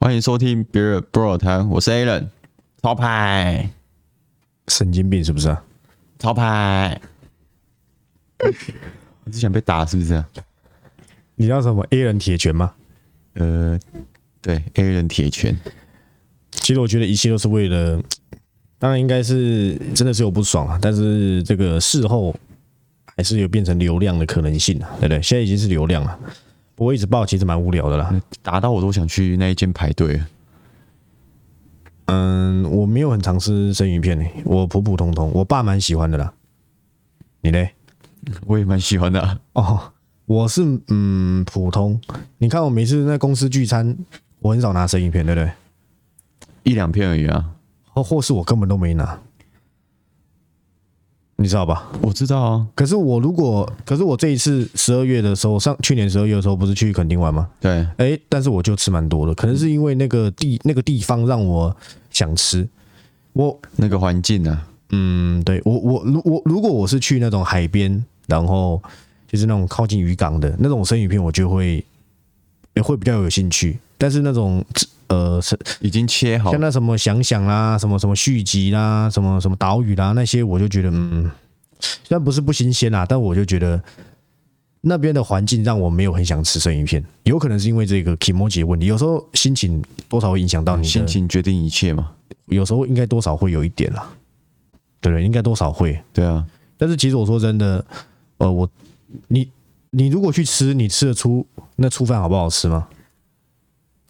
歡迎收聽《別人不爾談》，我是 Alan，超派，神經病是不是、啊？超派，你是想被打是不是、啊？你知道什麼 Alan 鐵拳嗎？呃，對，Alan 鐵拳。其實我覺得一切都是為了，當然應該是真的是有不爽啊，但是這個事後還是有變成流量的可能性的、啊，對不對？現在已經是流量了。我一直抱，其實蠻無聊的啦。打到我都想去那一間排隊。嗯，我沒有很常吃生魚片呢。我普普通通。我爸蠻喜歡的啦。你呢？我也蠻喜歡的啊。哦，我是嗯普通。你看我每次在公司聚餐，我很少拿生魚片，對不對？一兩片而已啊，哦，或是我根本都沒拿。你知道吧？我知道啊。可是我如果，可是我這一次十二月的時候，上去年十二月的時候，不是去墾丁玩嗎？對。哎、欸，但是我就吃蠻多的，可能是因為那個地、嗯、那個地方讓我想吃，我那個環境呢、啊？嗯，對我我如我，我如果我是去那種海邊，然後就是那種靠近漁港的那種生魚片，我就會也、欸、會比較有興趣。但是那種。呃，是已經切好，像那什麼想想啦，什麼什麼續集啦，什麼什麼島嶼啦，那些我就覺得，嗯，雖然不是不新鮮啦，但我就覺得那邊的環境讓我沒有很想吃生魚片，有可能是因為這個 Kimochi 的問題，有時候心情多少會影響到你、嗯，心情決定一切嘛，有時候應該多少會有一點啦，對不對？應該多少會，對啊。但是其實我說真的，呃，我你你如果去吃，你吃得出那粗飯好不好吃嗎？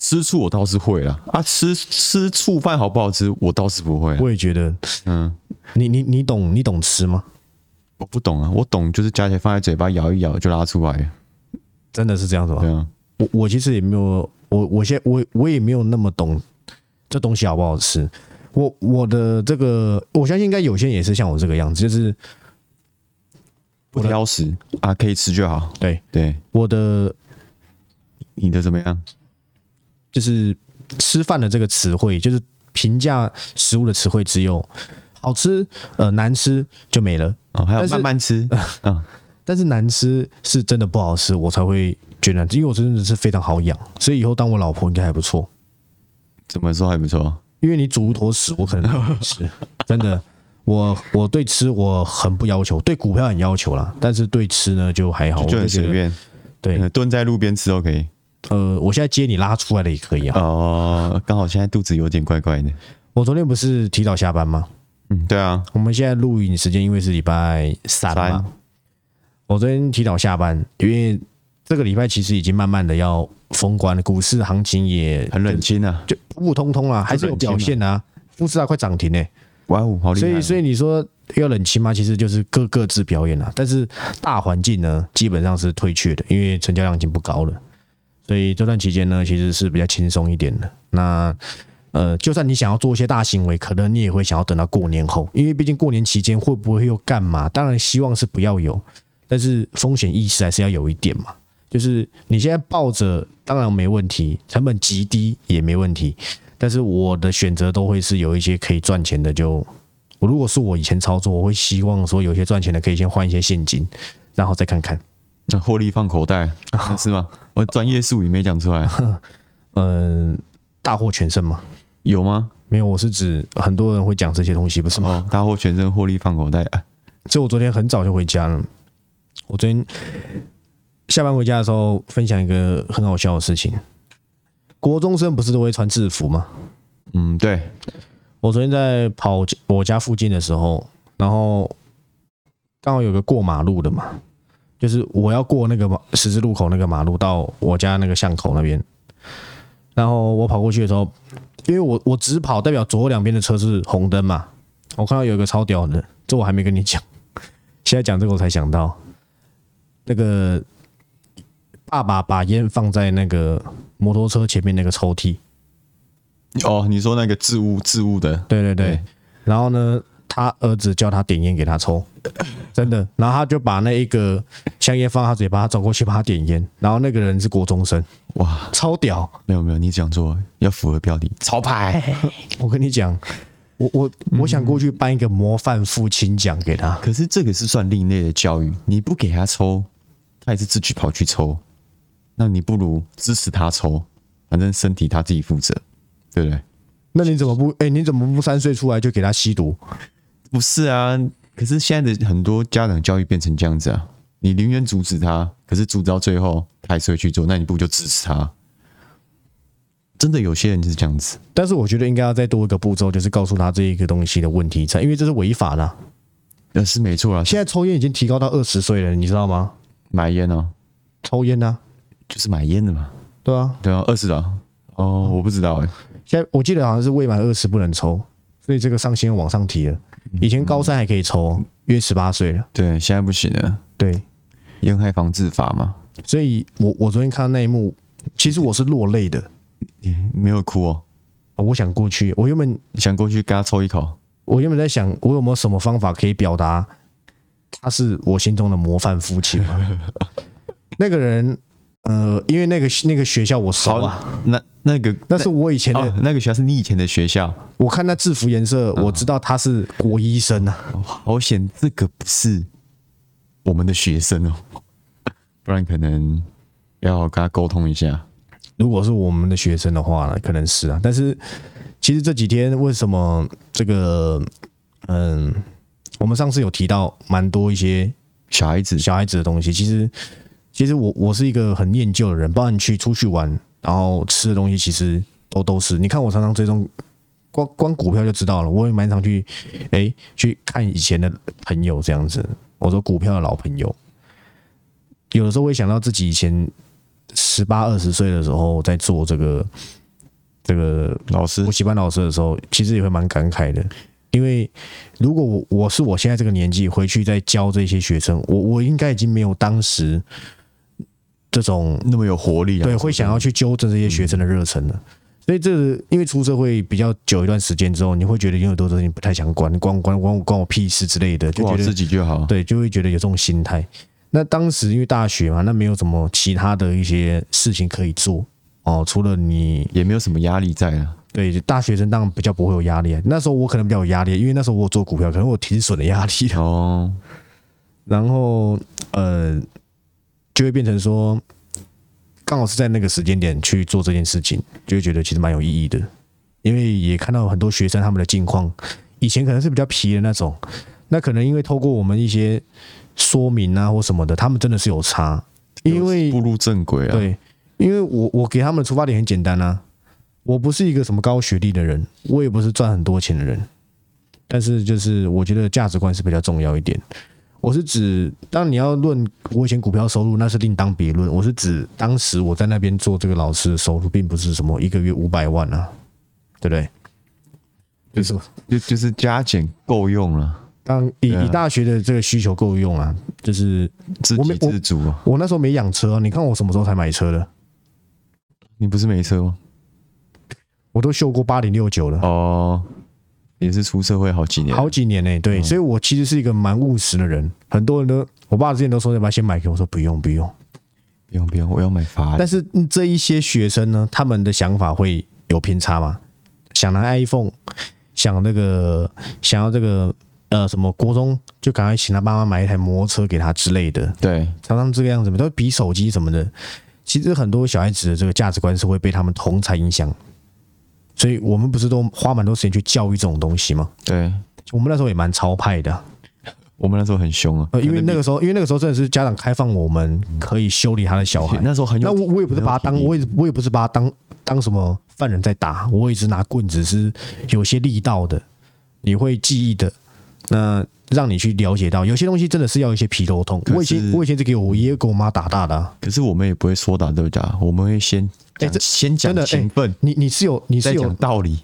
吃醋我倒是會啦，啊！吃吃醋飯好不好吃？我倒是不會。我也覺得，嗯，你你你懂你懂吃嗎？我不懂啊，我懂就是夾起來放在嘴巴，咬一咬就拉出來。真的是這樣子嗎？對啊，我我其實也沒有，我我先我我也沒有那麼懂這東西好不好吃。我我的這個我相信應該有些人也是像我這個樣子，就是不挑食我的啊，可以吃就好。對對，我的，你的怎麼樣？就是吃飯的這個詞彙，就是評價食物的詞彙，只有好吃、呃難吃就沒了啊、哦。還有慢慢吃、嗯，但是難吃是真的不好吃，我才會覺得，因為我真的是非常好養，所以以後當我老婆應該還不錯。怎麼說還不錯？因為你煮一坨屎，我可能會吃。真的。 我我對吃我很不要求，對股票很要求啦，但是對吃呢就還好，就很隨便，對、嗯，蹲在路邊吃都可以。呃，我現在接你拉出來的也可以啊。哦、呃，剛好現在肚子有點怪怪的。我昨天不是提早下班嗎？嗯，對啊。我們現在錄影時間因為是禮拜三,三、啊、我昨天提早下班，因為這個禮拜其實已經慢慢的要封關了，股市行情也很冷清啊，就普普通通啊，還是有表現啊。股市啊，啊，快漲停呢、欸。哇哦，好厲害、啊！所以，所以你說要冷清嗎？其實就是各各自表演了、啊，但是大環境呢，基本上是退卻的，因為成交量已經不高了。所以這段期間呢，其實是比較輕鬆一點的。那呃，就算你想要做一些大行為，可能你也會想要等到過年後，因為畢竟過年期間會不會又幹嘛？當然希望是不要有，但是風險意識還是要有一點嘛。就是你現在抱着當然沒問題，成本極低也沒問題。但是我的選擇都會是有一些可以賺錢的就。就我如果是我以前操作，我會希望說有些賺錢的可以先換一些現金，然後再看看。那獲利放口袋是嗎？ 我專業術語沒講出來，嗯，大獲全勝嗎？有嗎？沒有，我是指很多人會講這些東西，不是嗎？大獲全勝，獲利放口袋。這我昨天很早就回家了。我昨天下班回家的時候，分享一個很好笑的事情。國中生不是都會穿制服嗎？嗯，對。我昨天在跑我家附近的時候，然後剛好有個過馬路的嘛。就是我要過那個十字路口那個馬路到我家那個巷口那邊，然後我跑過去的時候，因為我我只跑，代表左右兩邊的車是紅燈嘛。我看到有一個超屌的，這我還沒跟你講，現在講這個我才想到，那個爸爸把煙放在那個摩托車前面那個抽屜。哦，你說那個置物置物的？對對對，然後呢？他兒子叫他點菸給他抽，真的。然後他就把那一個香菸放在他嘴巴，他走過去幫他點菸。然後那個人是國中生，哇，超屌！沒有沒有，你講錯，要符合標題，潮牌。 我跟你講，我我、嗯、我想過去頒一個模範父親獎給他。可是這個是算另類的教育，你不給他抽，他也是自己跑去抽。那你不如支持他抽，反正身體他自己負責，對不對？那你怎麼不？哎，你怎麼不三歲出來就給他吸毒？不是啊，可是現在的很多家長教育變成這樣子啊，你寧願阻止他，可是阻止到最後他還是會去做，那你不就支持他？真的有些人就是這樣子，但是我覺得應該要再多一個步驟，就是告訴他這一個東西的問題，才因為這是違法的、啊。呃，是沒錯啦、啊，現在抽菸已經提高到二十歲了，你知道嗎？買菸哦、啊、抽菸啊，就是買菸的嘛。對啊，對啊，二十了。哦、嗯，我不知道哎、欸，現在我記得好像是未滿二十不能抽，所以這個上限往上提了。以前高三還可以抽，約十八歲了，對，現在不行了。對，煙害防治法嘛。所以我，我我昨天看到那一幕，其實我是落淚的，沒有哭哦，哦。我想過去，我原本想過去給他抽一口。我原本在想，我有沒有什麼方法可以表達他是我心中的模範夫妻？ 那個人。呃，因為那個那個學校我熟啊，那那個那，那是我以前的。哦，那個學校是你以前的學校。我看那制服顏色，哦，我知道他是國醫生啊。好險，這個不是我們的學生哦， 不然可能要跟他溝通一下。如果是我們的學生的話呢，可能是啊。但是其實這幾天為什麼這個，嗯，我們上次有提到蠻多一些小孩子小孩子的東西，其實。其實我我是一個很念舊的人，包含你去出去玩，然後吃的東西其實都都是。你看我常常追蹤，光光股票就知道了。我也蠻常去，哎，去看以前的朋友這樣子。我說股票的老朋友，有的時候會想到自己以前十八二十歲的時候在做這個這個老師，補習班老師的時候，其實也會蠻感慨的。因為如果我我是我現在這個年紀回去再教這些學生，我我應該已經沒有當時。這種那麼有活力，啊，對，會想要去糾正這些學生的熱忱，嗯、所以這因為出社會比較久一段時間之後，你會覺得有很多事情不太想管，管我管我管我屁事之類的，就覺得自己就好。對，就會覺得有這種心態。那當時因為大學嘛，那沒有什麼其他的一些事情可以做哦，除了你也沒有什麼壓力在啊。對，大學生當然比較不會有壓力，啊。那時候我可能比較有壓力，因為那時候我做股票，可能我停損的壓力，啊、哦。然後呃。就會變成說，剛好是在那個時間點去做這件事情，就會覺得其實蠻有意義的。因為也看到很多學生他們的境況，以前可能是比較皮的那種，那可能因為透過我們一些說明啊或什麼的，他們真的是有差，因為步入正軌啊，對，因為我我給他們的出發點很簡單啊，我不是一個什麼高學歷的人，我也不是賺很多錢的人，但是就是我覺得價值觀是比較重要一點。我是指，當你要論我以前股票收入，那是另當別論。我是指當時我在那邊做這個老師的收入，並不是什麼一個月五百萬啊，對不對？就是，就是、什麼就，就是加減夠用了。當以、啊、以大學的這個需求夠用啊，就是自給自足。我那時候沒養車、啊、你看我什麼時候才買車的？你不是沒車嗎？我都秀過八零六九了哦。也是出社會好幾年，好幾年呢、欸，對、嗯，所以我其實是一個蠻務實的人。很多人都，我爸之前都說要不要先買給我，我說，不用不用，不用不用，我要買房。但是這一些學生呢，他們的想法會有偏差嗎？想拿 iPhone，想那個想要這個呃什麼國中，就趕快請他爸媽買一台摩托車給他之類的，對，常常這個樣子嘛，都比手機什麼的。其實很多小孩子的這個價值觀是會被他們同儕影響。所以我們不是都花蠻多時間去教育這種東西嗎？對，我們那時候也蠻超派的，我們那時候很凶啊。因為那個時候，因為那個時候真的是家長開放，我們、嗯、可以修理他的小孩。那時候很有。那我我也不是把他當我，我也不是把他當把他當，當什麼犯人在打，我一直拿棍子是有些力道的，你會記憶的。那讓你去了解到，有些東西真的是要一些皮肉痛。我以前我以前是給我爺爺給我媽打大的、啊，可是我們也不會說打就打，我們會先講、欸、先講情分。欸、你你是有你是有道理，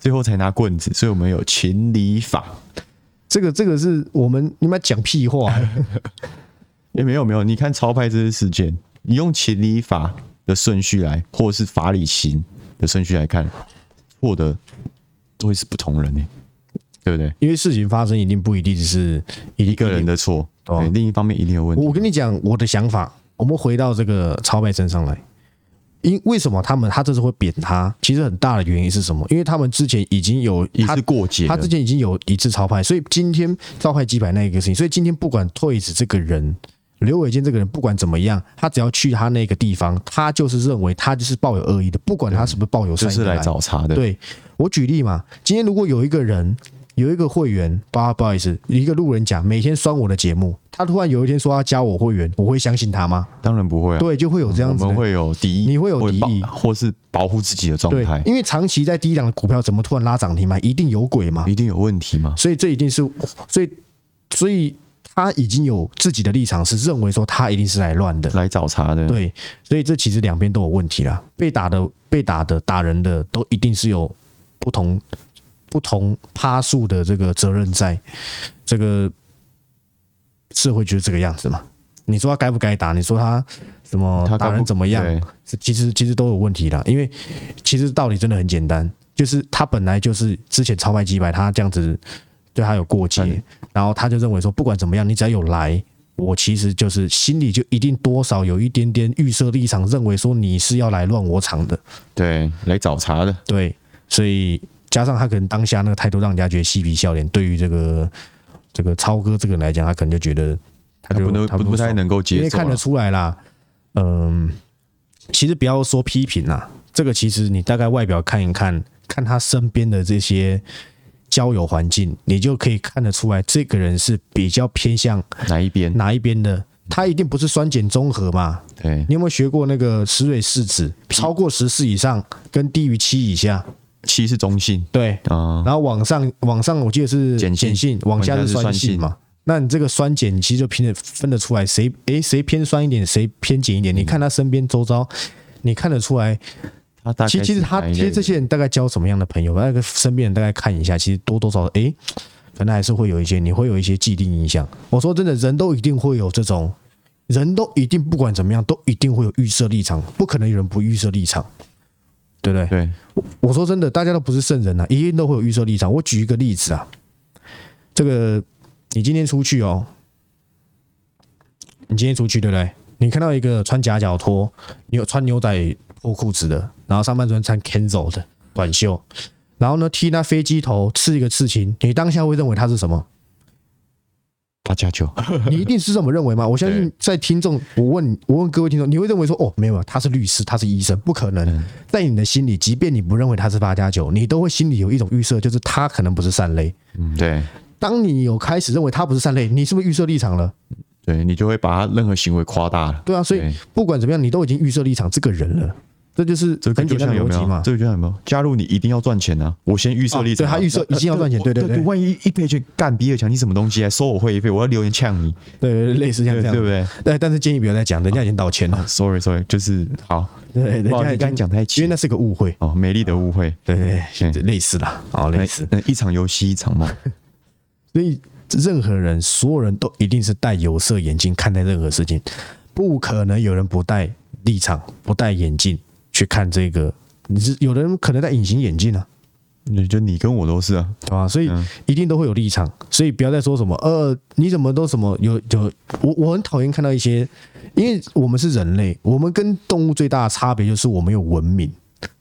最後才拿棍子，所以我們有情理法。這個這個是我們你們講屁話？也、 欸、沒有沒有，你看超派這些事件，你用情理法的順序來，或者是法理情的順序來看，獲得都會是不同人的、欸對不對，因為事情發生一定不一定是一個人的錯，對，另一方面一定有問題。問題我跟你講我的想法，我們回到這個超派身上來，因為什麼他？他們他這次會貶他，其實很大的原因是什麼？因為他們之前已經有他一次過節，他之前已經有一次超派，所以今天超派幾百那一個事情，所以今天不管 Toyz 這個人，劉偉健這個人，不管怎麼樣，他只要去他那個地方，他就是認為他就是抱有惡意的，不管他是不是抱有、嗯，就是來找茬的對。對我舉例嘛，今天如果有一個人。有一個會員，不不好意思，一個路人甲，每天刷我的節目，他突然有一天說要加我會員，我會相信他嗎？當然不會啊。對，就會有這樣子、嗯，我們會有敵意，你會有敵意，或是保護自己的狀態。因為長期在低檔的股票，怎麼突然拉漲停嘛？一定有鬼嘛？一定有問題嘛？所以這一定是，所以，所以他已經有自己的立場，是認為說他一定是來亂的，來找茬的。對，所以這其實兩邊都有問題啦。被打的、被打的、打人的，都一定是有不同。不同趴數的這個責任，在這個社會就是這個樣子嘛。你說他該不該打？你說他什麼他打人怎麼樣？其實其實都有問題的，因為其實道理真的很簡單，就是他本來就是之前超派幾百，他這樣子對他有過節，然後他就認為說，不管怎麼樣，你只要有來，我其實就是心裡就一定多少有一點點預設立場，認為說你是要來亂我場的，對，來找茬的，對，所以。加上他可能當下那個態度，讓人家覺得嬉皮笑臉。對於這個這個超哥這個人來講，他可能就覺得他就他不，能他不，不，不，不太能夠接受，因為看得出來啦，嗯，其實不要說批評啦，這個其實你大概外表看一看，看他身邊的這些交友環境，你就可以看得出來，這個人是比較偏向哪一邊哪一邊的、嗯。他一定不是酸鹼中和嘛？對、欸。你有沒有學過那個石蕊試紙？超過十四以上跟低於七以下。七是中性，對，嗯、然後往上往上，我記得是鹼性，性，往下是酸性嘛。性那你這個酸鹼你其實就憑着分得出來，誰誒？誰偏酸一點，誰偏鹼一點、嗯。你看他身邊周遭，你看得出來。其實其實他其實這些人大概交什麼樣的朋友，那個身邊人大概看一下，其實多多少少哎，可能還是會有一些，你會有一些既定印象。我說真的，人都一定會有這種，人都一定不管怎麼樣，都一定會有預設立場，不可能有人不預設立場。對不對？我我說真的，大家都不是聖人啊，一定都會有預設立場。我舉一個例子啊，這個你今天出去哦，你今天出去對不對？你看到一個穿夾腳拖、牛穿牛仔破褲子的，然後上半身穿 Kenzo 的短袖，然後呢踢那飛機頭，刺一個刺青，你當下會認為他是什麼？八加九， 你一定是這麼認為嗎？我相信在聽眾，我問我問各位聽眾，你會認為說，哦，沒有啊，他是律師，他是醫生，不可能。嗯。在你的心裡，即便你不認為他是八加九，你都會心裡有一種預設，就是他可能不是善類。嗯，對。當你有開始認為他不是善類，你是不是預設立場了？對你就會把他任何行為誇大了。對啊，所以不管怎麼樣，你都已經預設立場這個人了。這就是這個就像有沒有？這個就像有沒有加入你一定要賺錢呢、啊？我先預設立場、啊啊，對，他預設一定要賺錢、啊對對對對，對對對。萬一一賠去幹比爾強，你什麼東西啊收我會一賠，我要留言嗆你。對,對,對，類似像這樣，對不對,對,對？但但是建議不要再講，人家已經道歉了。Sorry，Sorry，、啊啊、sorry, 就是好。對,對,對，人家跟你剛講太氣，因為那是個誤會哦、啊，美麗的誤會。對對,對、嗯，類似類似的，好類似。那,那一場遊戲，一場夢。 所以任何人，所有人都一定是戴有色眼鏡看待任何事情，不可能有人不戴立場，不戴眼鏡。去看這個，你是有的人可能戴隱形眼鏡啊。你覺得你跟我都是啊，對吧？所以一定都會有立場，所以不要再說什麼呃，你怎麼都什麼有就我我很討厭看到一些。因為我們是人類，我們跟動物最大的差別就是我們有文明，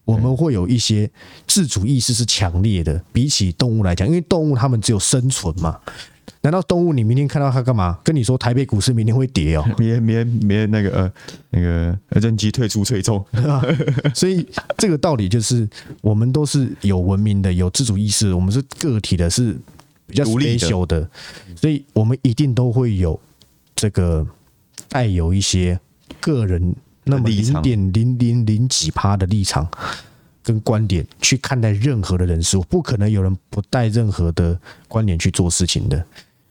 我們會有一些自主意識是強烈的，比起動物來講，因為動物它們只有生存嘛。難道動物？你明天看到它幹嘛？跟你說，台北股市明天會跌哦！明天、明天、明天，那個呃，那個人機退出退出、 啊、所以這個道理就是，我們都是有文明的、有自主意識的，我們是個體的，是比較 special 的，所以我們一定都會有這個帶有一些個人那麼零點零零零幾趴的立場跟觀點去看待任何的人事。不可能有人不帶任何的觀點去做事情的。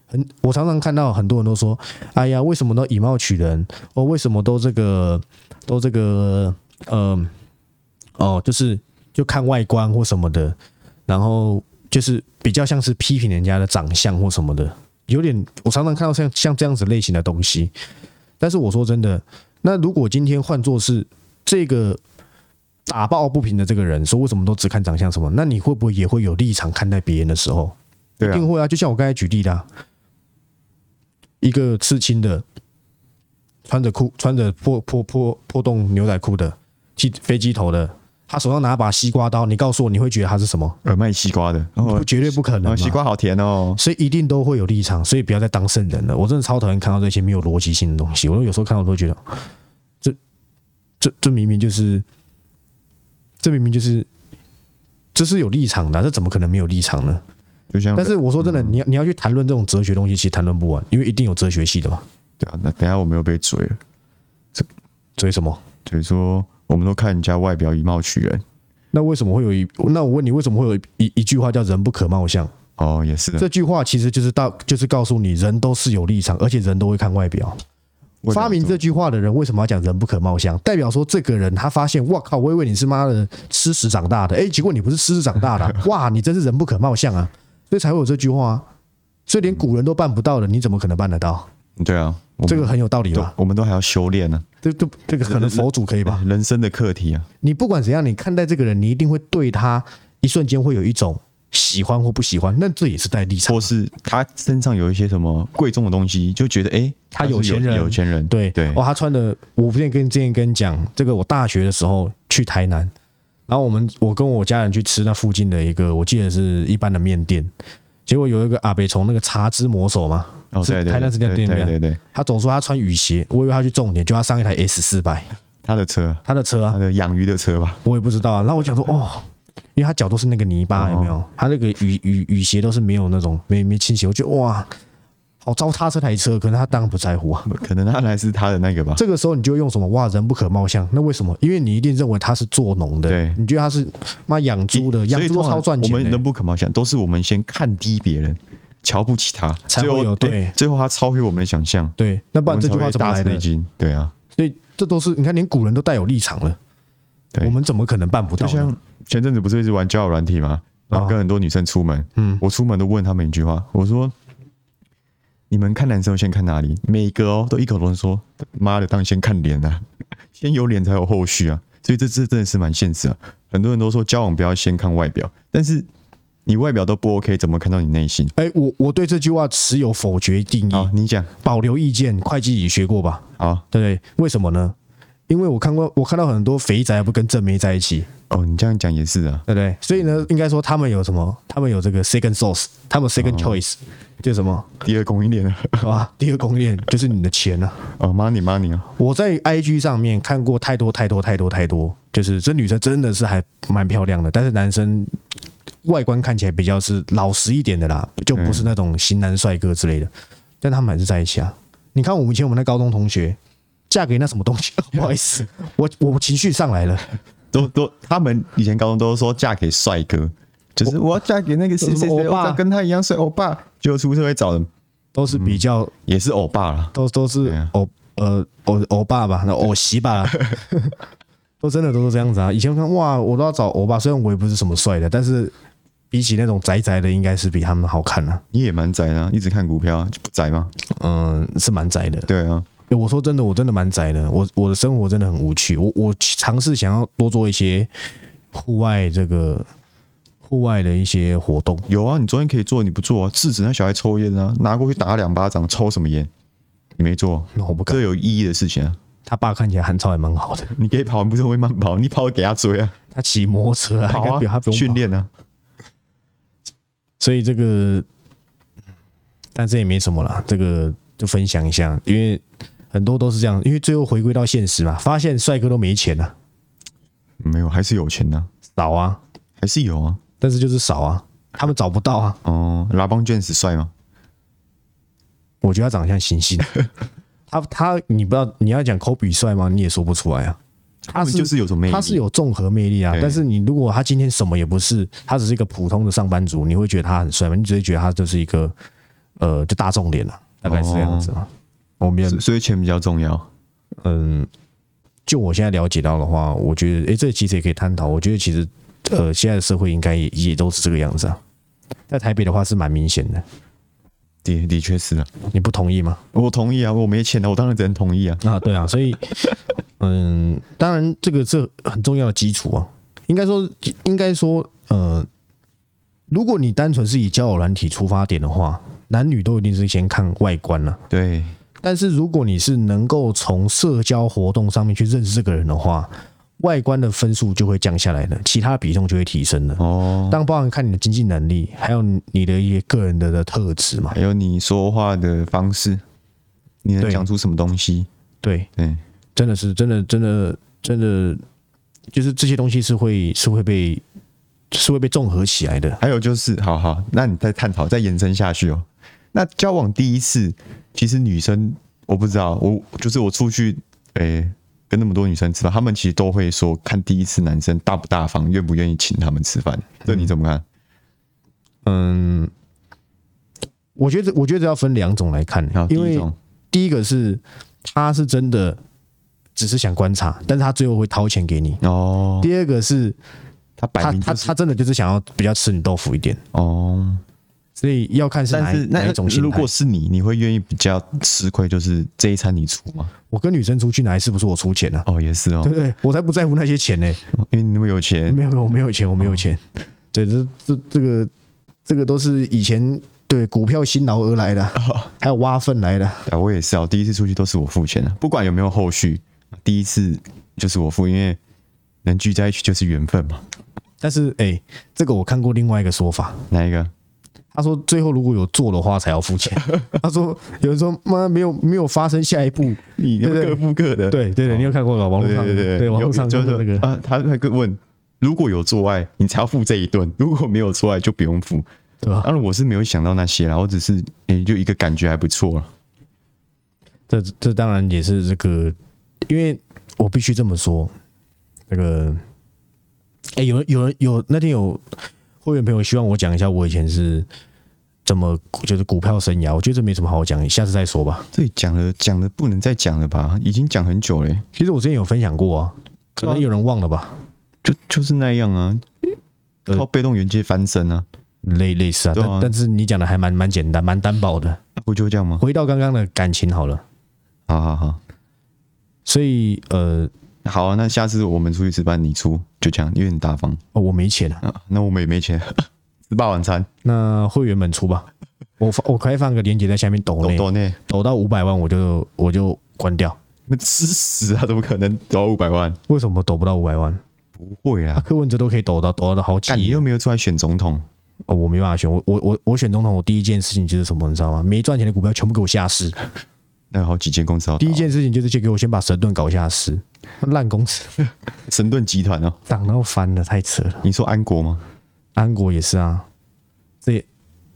很，我常常看到很多人都說：“哎呀，為什麼都以貌取人？哦，為什麼都這個，都這個，嗯、呃，哦，就是就看外觀或什麼的，然後就是比較像是批評人家的長相或什麼的，有點我常常看到像像這樣子類型的東西。但是我說真的，那如果今天換作是這個打抱不平的這個人說為什麼都只看長相什麼，那你會不會也會有立場看待別人的時候？對啊。一定會啊，就像我剛才舉例的啊。一個刺青的，穿着褲穿着破破破破洞牛仔褲的，機飛機頭的，他手上拿把西瓜刀，你告訴我你會覺得他是什麼？呃，賣西瓜的？哦、絕對不可能！西瓜好甜哦，所以一定都會有立場，所以不要再當聖人了。我真的超討厭看到這些沒有邏輯性的東西。我有時候看到我都覺得，這這這明明就是，這明明就是，這是有立場的、啊，這怎麼可能沒有立場呢？就像但是我說真的，嗯、你要你要去談論這種哲學東西，其實談論不完，因為一定有哲學系的嘛。對啊，那等下我沒有被追了，這追什麼？追說我們都看人家外表以貌取人，那為什麼會有一我那我問你為什麼會有一一,一句話叫人不可貌相？哦，也是這句話其實就是到就是告訴你人都是有立場，而且人都會看外表。發明這句話的人為什麼要講人不可貌相？代表說這個人他發現，我靠，我以為你是媽的吃屎長大的，哎、欸，結果你不是吃屎長大的、啊，哇，你真是人不可貌相啊！所以才會有這句話、啊，所以連古人都辦不到的、嗯，你怎麼可能辦得到？對啊，這個很有道理啊。我們都還要修煉呢、啊，這都、個、這個可能佛祖可以吧？人、人生的課題啊，你不管怎樣，你看待這個人，你一定會對他一瞬間會有一種喜歡或不喜歡。那這也是帶立場的。或是他身上有一些什麼貴重的東西，就覺得誒、欸、他、他有錢人，有錢人，對對，哇、哦，他穿的，我不願意跟之前跟講，這個我大學的時候去台南。然後我們，我跟我家人去吃那附近的一個，我記得是一般的麵店，結果有一個阿伯從那個茶之魔手嘛，是、哦、台南市那家店裡對對對，他總說他穿雨鞋，我以為他去重點，就他上一台 S 400，他的車，他的車啊，他的養魚的車吧，我也不知道啊。然後我就想說，哦，因為他腳都是那個泥巴，有沒有？他那個雨雨雨鞋都是沒有那種，沒沒清洗，我覺得哇。哦，糟蹋這台車，可能他當然不在乎啊。可能他還是他的那個吧。 這個時候你就用什麼？哇，人不可貌相。那為什麼？因為你一定認為他是做農的，對？你覺得他是媽養豬的，養、欸、豬都超賺錢的。我們人不可貌相，都是我們先看低別人，瞧不起他，才會有最後對，對，最後他超越我們的想象。對，那不然這句話怎麼來的？對啊，所以這都是你看，連古人都帶有立場了對。我們怎麼可能辦不到？像前陣子不是一直玩交友軟體嗎？啊、哦，跟很多女生出門，嗯，我出門都問他們一句話，我說。你們看男生先看哪裡？每個哦都異口同聲說：“媽的，當然先看臉啊，先有臉才有後續啊。”所以這這真的是蠻現實啊！很多人都說交往不要先看外表，但是你外表都不 OK，怎麼看到你內心？哎、欸，我我對這句話持有否決定義。好、哦，你講保留意見，會計你學過吧？啊、哦，對，對。為什麼呢？因為我看過，我看到很多肥宅不跟正妹在一起。哦，你這樣講也是啊，對不對？所以呢，應該說他們有什麼？他們有這個 second source，他們 second choice，哦，就是什麼？第二供應鏈啊，是吧？第二供應鏈就是你的錢啊。哦，money，money money 啊。我在 IG 上面看過太多太多太多太多，就是這女生真的是還蠻漂亮的，但是男生外觀看起來比較是老實一點的啦，就不是那種型男帥哥之類的。嗯，但他們還是在一起啊。你看我們以前我們的高中同學。嫁給那什麼東西？不好意思，我我情緒上來了。都都，他們以前高中都說嫁給帥哥，就是我要嫁給那個 CCC，什麼歐巴，我跟他一樣是歐巴，就出社會找的都是比較、嗯、也是歐巴了，都都是歐、嗯、呃歐歐巴吧，那歐、個、西吧，都真的都是這樣子啊。以前我看哇，我都要找歐巴，雖然我也不是什麼帥的，但是比起那種宅宅的，應該是比他們好看啊。你也蠻宅的、啊，一直看股票啊，不宅嗎？嗯，是蠻宅的。對啊。我說真的，我真的蠻宅的。我我的生活真的很無趣。我我嘗試想要多做一些戶外，這個戶外的一些活動。有啊，你昨天可以做，你不做啊？制止那小孩抽菸啊，拿過去打兩巴掌，抽什麼菸？你沒做，那、嗯、我不幹。這有意義的事情啊。他爸看起來韓超也蠻好的。你可以跑，不是會慢跑？你跑給他追啊？他騎摩托車啊，訓練啊，啊。所以這個，但這也沒什麼啦。這個就分享一下，因為。很多都是這樣，因為最後回歸到現實嘛，發現帥哥都沒錢了、啊。沒有，還是有錢的、啊，少啊，還是有啊，但是就是少啊，他們找不到啊。哦，拉邦卷子帥嗎？我覺得他長得像星星。 他他，你不要，你要講科比帥嗎？你也說不出來啊。他是他就是有什麼魅力？他是有綜合魅力啊。但是你如果他今天什麼也不是，他只是一個普通的上班族，你會覺得他很帥嗎？你只是覺得他就是一個呃，就大眾臉了，大概是這樣子我們要所以錢比較重要，嗯，就我現在了解到的話，我覺得，誒、欸、這其實也可以探討。我覺得其實，呃，現在的社會應該也也都是這個樣子啊。在台北的話是蠻明顯的，的的確是的，你不同意嗎？我同意啊，我沒錢了、啊，我當然只能同意啊。啊，對啊，所以， 嗯，當然這個是很重要的基礎啊。應該說，應該說，呃，如果你單純是以交友軟體出發點的話，男女都一定是先看外觀了、啊，對。但是如果你是能夠從社交活動上面去認識這個人的話，外觀的分數就會降下來的，其他比重就會提升了哦。當包含看你的經濟能力，還有你的一些個人的的特質嘛，還有你說話的方式，你能講出什麼東西？對對，對，真的是真的真的真的，就是這些東西是會是會被是會被綜合起來的。還有就是，好好，那你再探討再延伸下去哦。那交往第一次，其實女生我不知道，我就是我出去，哎、欸，跟那麼多女生吃飯，他們其實都會說看第一次男生大不大方，願不願意請他們吃飯、嗯。這你怎麼看？嗯，我覺得我覺得要分兩種來看，因為第一種第一個是他是真的只是想觀察，但是他最後會掏錢給你哦。第二個是他擺明、就是、他他真的就是想要比較吃你豆腐一點哦。所以要看是哪一，是那哪一種型。如果是你，你會願意比較吃虧，就是這一餐你出嗎？我跟女生出去哪一次不是我出錢呢、啊？哦，也是哦。對，對，我才不在乎那些錢呢、欸，因為你那麼有錢。沒有沒有，我沒有錢，我沒有錢。哦、對，這這這個這個都是以前對股票辛勞而來的，哦、還有挖糞來的。啊，我也是啊、哦，第一次出去都是我付錢的、啊，不管有沒有後續，第一次就是我付，因為能聚在一起就是緣分嘛。但是哎、欸，這個我看過另外一個說法，哪一個？他說：“最後如果有做的話，才要付錢。 ”他說：“有人說，媽，沒有沒有發生下一步，你，你各付各的。”對對對，對，你有看過嗎網絡上、那個，對對對，對，網絡上就是那個啊，他那個問：“如果有做愛，你才要付這一頓；如果沒有做愛，就不用付，對吧、啊？”當然，我是沒有想到那些啦，我只是，哎、欸，就一個感覺還不錯了、啊。這這當然也是這個，因為我必須這麼說。那、這個，哎、欸，有有人有，有那天有。會員朋友希望我講一下我以前是怎麼就是股票生涯，我覺得這沒什麼好講的，下次再說吧。這裡講了講了，不能再講了吧？已經講很久了。其實我之前有分享過啊，可能有人忘了吧？就就是那樣啊，靠被動元件翻身啊，類類似啊。但但是你講的還蠻蠻簡單，蠻單薄的，不就這樣嗎？回到剛剛的感情好了，好好好。所以呃。好啊，那下次我們出去吃飯，你出，就這樣，因為你大方。哦，我沒錢。啊啊，那我們也沒錢，吃霸王餐，那會員們出吧。我放，我可以放個鏈接在下面抖內，抖到五百萬我就我就關掉。你吃屎啊？怎麼可能抖到五百萬？為什麼抖不到五百萬？不會啊，柯文哲都可以抖到，抖到好幾。但你又沒有出來選總統。哦，我沒辦法選，我我我我選總統，我第一件事情就是什麼？你知道嗎？沒賺錢的股票全部給我下市。 那好幾千公司。第一件事情就是去給我先把神盾搞下市。爛公司，神 盾集團啊，漲到翻了，太扯了。你說安國嗎？安國也是啊，這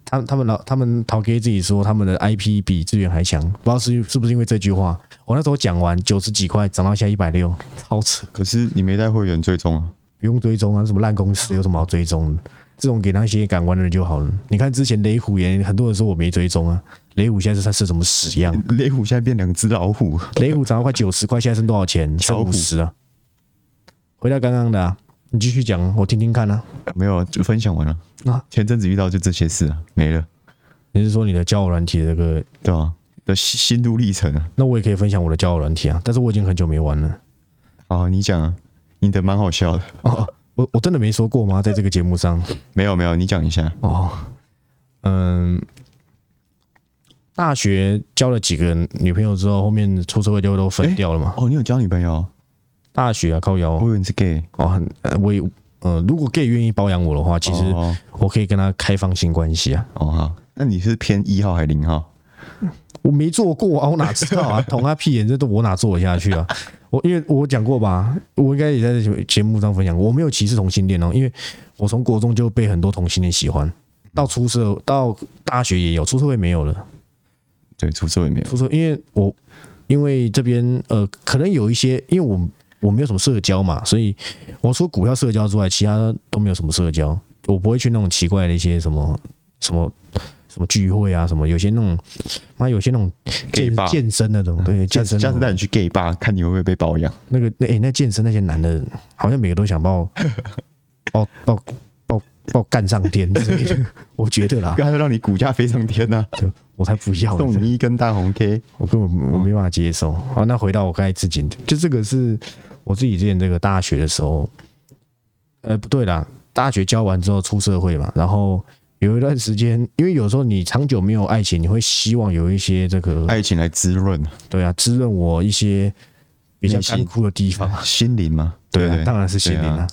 他他們老他們桃 K 自己說他們的 IP 比資源還強，不知道是是不是因為這句話。我那時候講完九十幾塊，漲到現在一百六，超扯。可是你沒帶會員追蹤啊？不用追蹤啊，什麼爛公司有什麼好追蹤的？這種給那些敢玩的人就好了。你看之前雷虎岩，很多人說我沒追蹤啊。雷虎現在是他是什麼屎樣？雷虎現在變兩隻老虎。雷虎漲了快九十塊，現在剩多少錢？剩五十啊。回到剛剛的，啊，你繼續講，我聽聽看啊。沒有啊，就分享完了。那、啊、前陣子遇到就這些事啊，沒了。你是說你的交友軟體的這個對吧、啊、的心心路歷程？啊。那我也可以分享我的交友軟體啊，但是我已經很久沒玩了。哦，你講，啊，你的蠻好笑的哦。我我真的沒說過嗎？在這個節目上沒有沒有，你講一下哦。嗯。大學交了幾個女朋友之後，後面出社會就會，都分掉了嘛、欸。哦，你有交女朋友？大學啊，靠腰。我以為你是 gay。哦，我，我呃，如果 gay 願意包養我的話，其實我可以跟他開放性關係啊哦哦。哦，那你是偏一號還零號？我沒做過啊，我哪知道啊？捅他屁眼這都我哪做得下去啊？ 我因為我講過吧，我應該也在節目上分享過，我沒有歧視同性戀哦，因為我從國中就被很多同性戀喜歡，到出社到大學也有，出社會沒有了。對，出手也沒有。出手，因為我因為這邊呃，可能有一些，因為我我沒有什麼社交嘛，所以我除了股票社交之外，其他都沒有什麼社交。我不會去那種奇怪的一些什麼什麼什麼聚會啊，什麼有些那種，媽有些那種 gay 吧健身那種。對，嗯、健，健身的。下次帶你去 gay 吧，看你會不會被包養。那個那、欸、那健身那些男的，好像每個都想把把我我把我把我幹上天。 我覺得啦，要讓你股價飛上天吶、啊。我才不要送你一根大紅 K，我根本我沒辦法接受。好，那回到我剛才自己，就這個是我自己之前這個大學的時候，呃，不對啦，大學教完之後出社會嘛，然後有一段時間，因為有時候你長久沒有愛情，你會希望有一些這個愛情來滋潤。對啊，滋潤我一些比較辛苦的地方。心靈嘛，對啊，當然是心靈啊。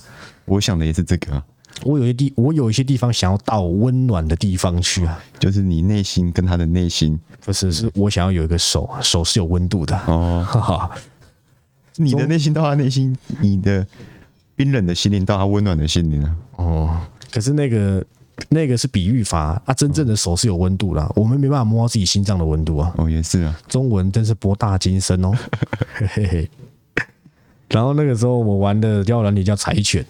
我想的也是這個啊。我有些地，我有一些地方想要到溫暖的地方去啊，就是你內心跟他的內心，不是，是我想要有一個手，手是有溫度的哦。哈、哦、哈。你的內心到他內心，你的冰冷的心靈到他溫暖的心靈啊。哦，可是那個那個是比喻法啊，真正的手是有溫度的，啊嗯，我們沒辦法摸到自己心臟的溫度啊。哦，也是啊，中文真是博大精深哦。 嘿嘿然後那個時候我玩的交友軟體叫柴犬。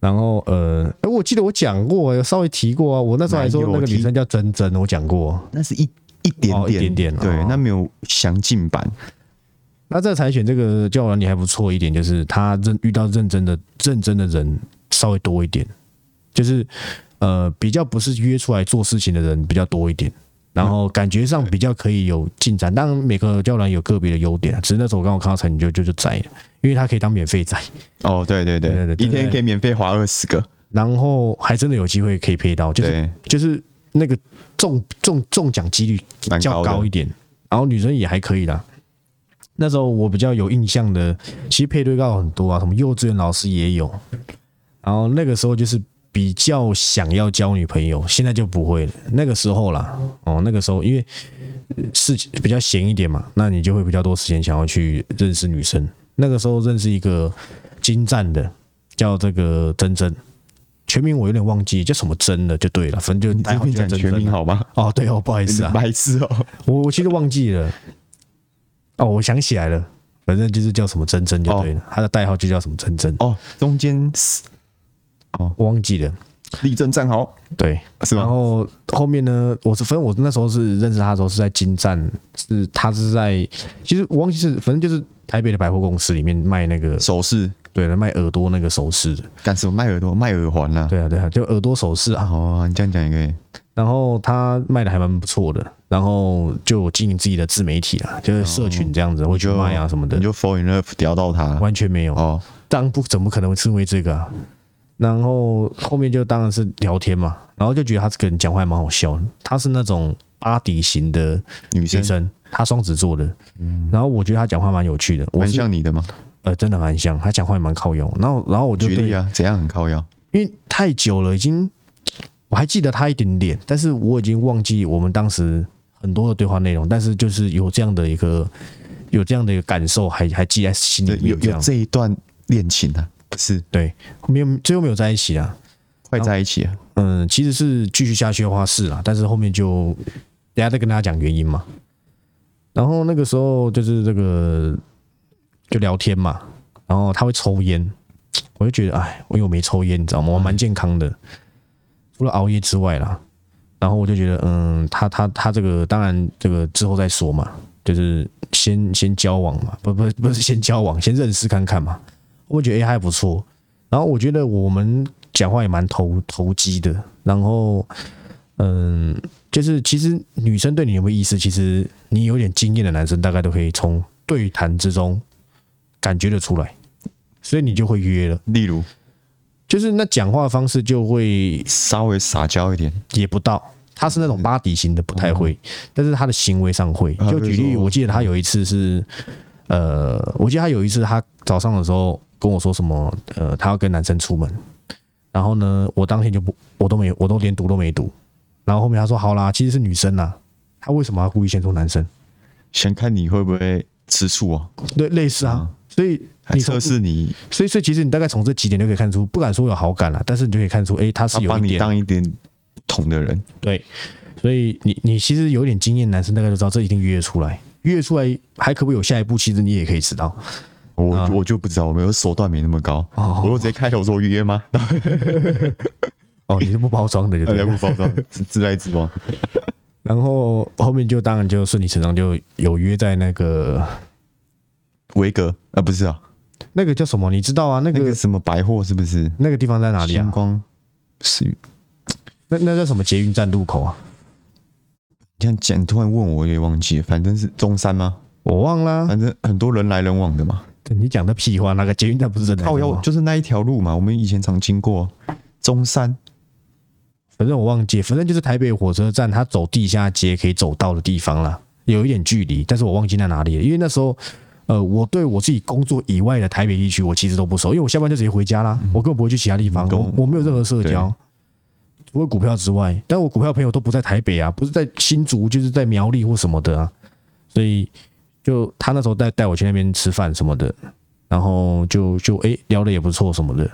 然後呃，哎、呃，我記得我講過，我有稍微提過啊。我那時候還說那個女生叫珍珍，我講過。那是一一點點、哦，一點點，對、哦，那沒有詳盡版。那這柴犬這個交友也還不錯一點，就是他認遇到認真的認真的人稍微多一點，就是呃比較不是約出來做事情的人比較多一點，然後感覺上比較可以有進展。嗯、當然每個交友有個別的優點，只是那時候我剛好看到柴犬就就就載。因為他可以當免費仔哦，對對對，對對對，一天可以免費滑二十個，然後還真的有機會可以配到，就是，對，就是那個中中中獎幾率比較高一點，然後女生也還可以啦。那時候我比較有印象的，其實配對到很多啊，什麼幼稚園老師也有。然後那個時候就是比較想要交女朋友，現在就不會了。那個時候啦，哦，那個時候因為事情比較閒一點嘛，那你就會比較多時間想要去認識女生。那個時候認識一個金戰的，叫這個珍珍，全名我有點忘記叫什麼珍了，就對了，反正就代號叫珍珍，全名好嗎？哦，對哦，不好意思啊，不好意思哦，我我其實忘記了， 哦，我想起來了，反正就是叫什麼珍珍就對了，他、哦、的代號就叫什麼珍珍哦，中間是哦，我忘記了，立正站好，對，是吧？然後後面呢，我是反正我那時候是認識他的時候是在金戰，是他是在，其實我忘記是，反正就是。台北的百貨公司裡面賣那個首飾，對了，賣耳朵那個首飾。幹什麼？賣耳朵？賣耳環啊？對啊，對啊，就耳朵首飾啊。哦，你這樣講也可以，然後他賣的還蠻不錯的，然後就經營自己的自媒體啦、啊，就是社群這樣子，或者賣啊什麼的。嗯、你就 fall in love 聊到他，完全沒有哦。當不怎麼可能是因為這個、啊，然後後面就當然是聊天嘛，然後就覺得他這個人講話還蠻好笑的，她是那種阿迪型的女生。女生他雙子座的、嗯，然後我覺得他講話蠻有趣的，很像你的嗎？呃，真的蠻像，他講話也蠻靠腰。然後，然後我就對舉例啊，怎樣很靠腰？因為太久了，已經我還記得他一點點，但是我已經忘記我們當時很多的對話內容。但是就是有這樣的一個有這樣的一個感受還，還還記在心裡面。有這的有這一段戀情啊？是，對，沒有最後沒有在一起啊，快在一起啊。嗯，其實是繼續下去的話是啊，但是後面就等下再跟大家講原因嘛。然後那個時候就是這個，就聊天嘛。然後他會抽煙，我就覺得，哎，我又沒抽煙，你知道嗎？我蠻健康的，除了熬夜之外啦。然後我就覺得，嗯，他他他這個，當然這個之後再說嘛，就是先先交往嘛，不不不是，不是先交往，先認識看看嘛。我覺得哎、欸，還不錯。然後我覺得我們講話也蠻投投機的。然後，嗯。就是其實女生對你有沒有意思，其實你有點經驗的男生大概都可以從對談之中感覺得出來，所以你就會約了。例如，就是那講話的方式就會稍微撒嬌一點，也不到，他是那種巴迪型的，不太會、嗯，但是他的行為上會。啊，就舉例，我記得他有一次是，呃，我記得他有一次他早上的時候跟我說什麼，呃，他要跟男生出門，然後呢，我當天就不，我都沒，我都連讀都沒讀。然後後面他說好啦，其實是女生啦。他為什麼要故意先說男生？想看你會不會吃醋啊？對，類似啊。嗯、所以還測試你，所以所以其實你大概從這幾點就可以看出，不敢說有好感了，但是你就可以看出，哎，他是有把你當一點同的人。對，所以你你其實有點經驗，男生大概就知道這一定約出來，約出來還可不可以有下一步？其實你也可以知道、嗯，我我就不知道，我沒有手段沒那麼高，哦、我會直接開口做預約嗎？ 哦，你是不包裝的，就對，不、啊、包裝是 直來直往，然後後面就當然就順理成章就有約在那個維格啊，不是啊，那個叫什麼？你知道啊，那個、那個、什麼百貨是不是？那個地方在哪裡啊？星光是，那那個、叫什麼捷運站路口啊？你這樣講，你突然問我，我也忘記了，反正是中山嗎？我忘了，反正很多人來人往的嘛。對，你講的屁話，那個捷運站不是人就是那一條路嘛，我們以前常經過中山。反正我忘記，反正就是台北火車站，他走地下街可以走到的地方啦，有一點距離，但是我忘記在哪裡了。因為那時候，呃，我對我自己工作以外的台北地區，我其實都不熟，因為我下班就直接回家啦，嗯、我根本不會去其他地方，嗯、我我沒有任何社交，除了股票之外。但是我股票朋友都不在台北啊，不是在新竹，就是在苗栗或什麼的啊，所以就他那時候帶帶我去那邊吃飯什麼的，然後就就哎、欸、聊得也不錯什麼的，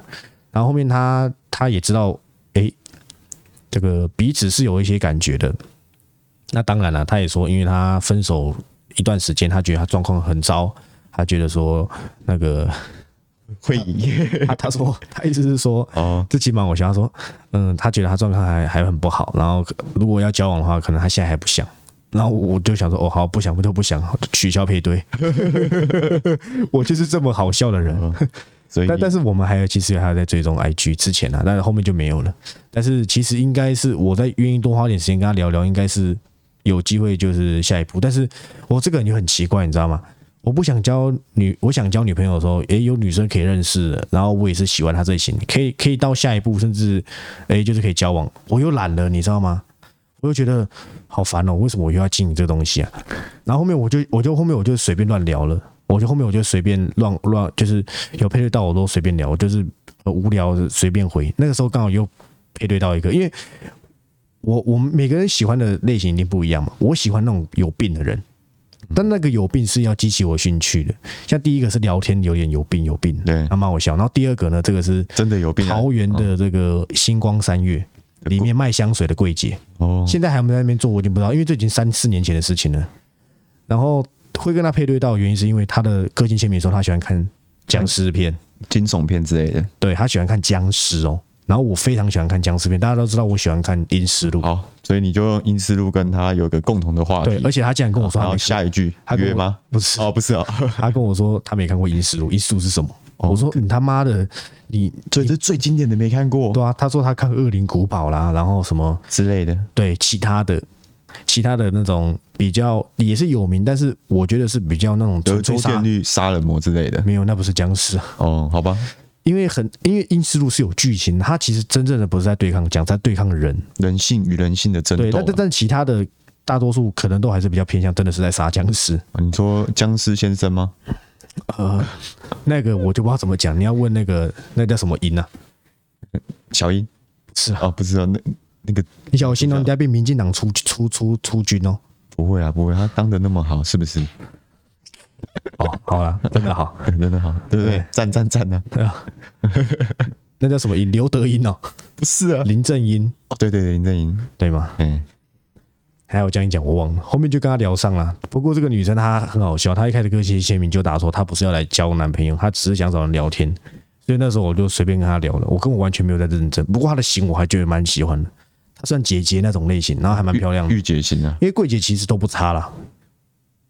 然後後面他他也知道哎。欸這個彼此是有一些感覺的，那當然了，他也說，因為他分手一段時間，他覺得他狀況很糟，他覺得說那個會營業、啊 啊，他說他意思是說，哦、嗯，最起碼我想他說，嗯，他覺得他狀況還還很不好，然後如果要交往的話，可能他現在還不想，然後我就想說，哦，好，不想不都不想取消配對， 我就是這麼好笑的人。嗯所以但但是我們還有其實還有在追蹤 IG 之前呢、啊，但是後面就沒有了。但是其實應該是我在願意多花點時間跟他聊聊，應該是有機會就是下一步。但是我這個人就很奇怪，你知道嗎？我不想交女，我想交女朋友的時候，誒、欸，有女生可以認識，然後我也是喜歡她這一型，可以可以到下一步，甚至誒、欸，就是可以交往。我又懶了，你知道嗎？我又覺得好煩哦、喔，為什麼我又要進你這東西啊？然後後面我就我就，我就後面我就隨便亂聊了。我就後面我就隨便亂亂，就是有配對到我都隨便聊，我就是無聊隨便回。那個時候剛好又配對到一個，因為我我們每個人喜歡的類型一定不一樣嘛。我喜歡那種有病的人，但那個有病是要激起我興趣的。像第一個是聊天有點有病有病，對，他罵我笑。然後第二個呢，這個是真的有病。桃園的這個星光三越裡面賣香水的櫃姐，哦，現在還沒有在那邊做，我就不知道，因為這已經三四年前的事情了。然後。會跟他配對到的原因是因為他的個性簽名，說他喜歡看殭屍片、驚悚片之類的對。對他喜歡看殭屍哦，然後我非常喜歡看殭屍片，大家都知道我喜歡看陰屍路。好、哦，所以你就用陰屍路跟他有個共同的話題。對，而且他竟然跟我說好，下一句他約嗎？不是哦，不是哦。」他跟我說他沒看過陰屍路，陰屍路是什麼？哦、我說你、嗯、他媽的，你最最最經典的沒看過？對啊，他說他看《惡靈古堡》啦，然後什麼之類的。對，其他的。其他的那種比較也是有名，但是我覺得是比較那種純純德州電鋸殺人魔之類的，沒有，那不是僵屍、啊、哦。好吧，因為很因為陰屍路是有劇情，它其實真正的不是在對抗講，在對抗人，人性與人性的爭鬥對。但但但其他的大多數可能都還是比較偏向，真的是在殺僵屍。你說僵屍先生嗎？呃，那個我就不知道怎麼講，你要問那個那個、叫什麼音呢？啊？小英是啊，哦、不知道、啊、那。那個，你小心哦，你家被民進黨出出出出，出軍哦。不會啊，不會，他當的那麼好，是不是？哦，好了，啊，真的好， 真的好，對，對不對？讚讚讚的，對啊。 那叫什麼？劉德音哦，不是啊，林正英。對對對，林正英，對嗎？嗯。還有講一講，我忘了。後面就跟他聊上了。不過這個女生她很好笑，她一開始個性簽名就打說，她不是要來交男朋友，她只是想找人聊天。所以那時候我就隨便跟他聊了，我跟我完全沒有在認真。不過他的型我還覺得蠻喜歡的。算姐姐那種類型，然後還蠻漂亮的，御姐型、啊、因為貴姐其實都不差啦，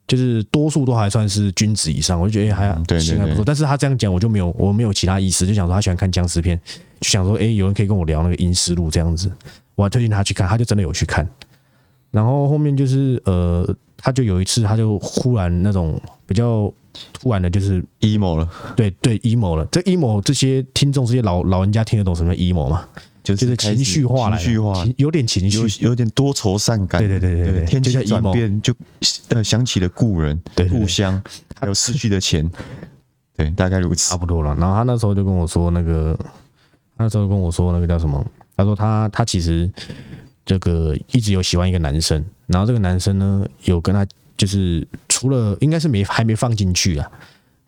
就是多數都還算是君子以上，我就覺得、欸、還對，對，對，還不錯。但是他這樣講，我就沒有，我沒有其他意思，就想說他喜歡看僵屍片，就想說，哎、欸，有人可以跟我聊那個《陰屍路》這樣子，我還推薦他去看，他就真的有去看。然後後面就是，呃，他就有一次，他就忽然那種 比較突然的，就是 對 emo Emile 了。對對，emo 了。這 emo 這些聽眾，這些老老人家聽得懂什麼叫 emo 嗎？就是情緒化，就是、情緒化，有點情緒，有點多愁善感。對對對對對，天氣轉變，就, Emo, 就呃想起了故人，對故鄉，還有失去的錢， 對，大概如此，差不多了。然後他那時候就跟我說，那個那時候跟我說那個叫什麼？他說他他其實這個一直有喜歡一個男生，然後這個男生呢有跟他就是除了應該是沒還沒放進去啊。